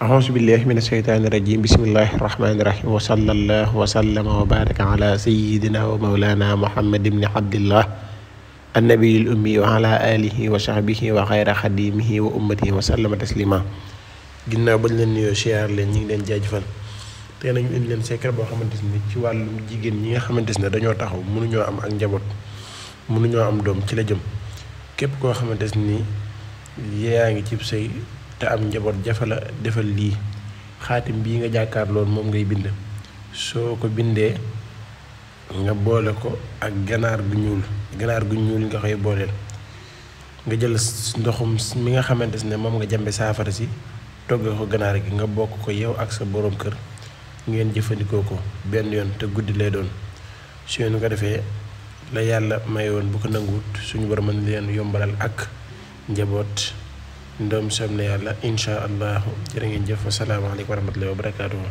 أعوذ بالله من الشيطان الرجيم بسم الله الرحمن الرحيم وصلى الله وسلم وبارك على سيدنا ومولانا محمد بن عبد الله النبي الأمي وعلى آله وصحبه وغير خديمه وأمته وسلم تسليما جنا بلن نيو شير لن نيو لن جاجفل تينا نيو إن لن سيكر بو خمان تسنى تيوال جيجن نيو خمان تسنى دانيو تاخو منو نيو أم أنجبوت منو نيو أم دوم تلجم كيب كو خمان تسنى ياغي تيب سي te am njaboot jafala defal lii xaatim bii nga jàkkaar loolu moom ngay bind soo ko bindee nga boole ko ak ganaar gu ñuul ganaar gu ñuul nga koy booleel nga jël ndoxum mi nga xamante ne moom nga jàmbe saafara si togge ko ganaar gi nga bokk ko yow ak sa boroom kër ngeen jëfandikoo ko benn yoon te guddi lay doon su ngeen ko defee la yàlla mayoon bu ko nanguwut suñu borom mën leen yombalal ak njaboot ndoom soob na yàlla incha allahu jërë ngeen jëf wasalaamaaleykum wa rahmatullahi wa barakaatuhu